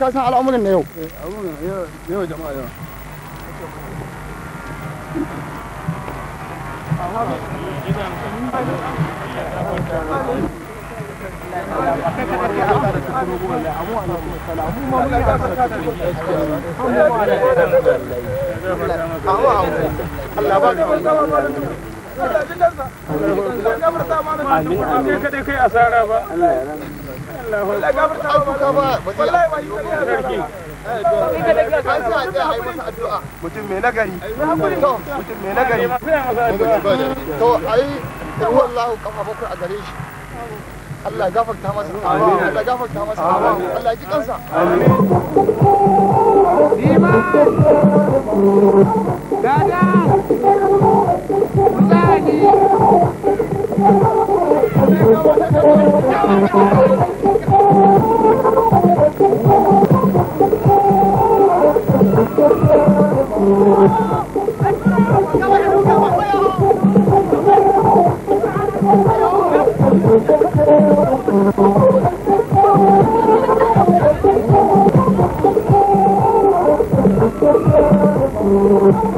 كاس على عمرنا اليوم عمرنا يا جماعة Allah gafarta masa. Allah ya gafarta masa. Allah ya ji kansa. Dada! Thank you.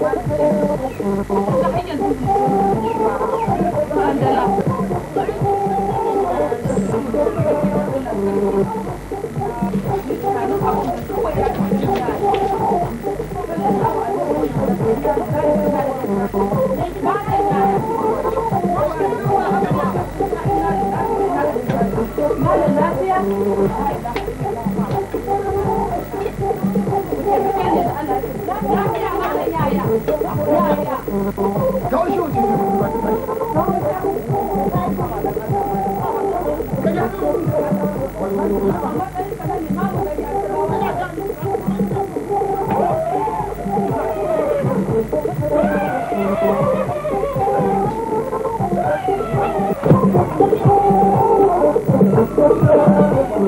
Thank you.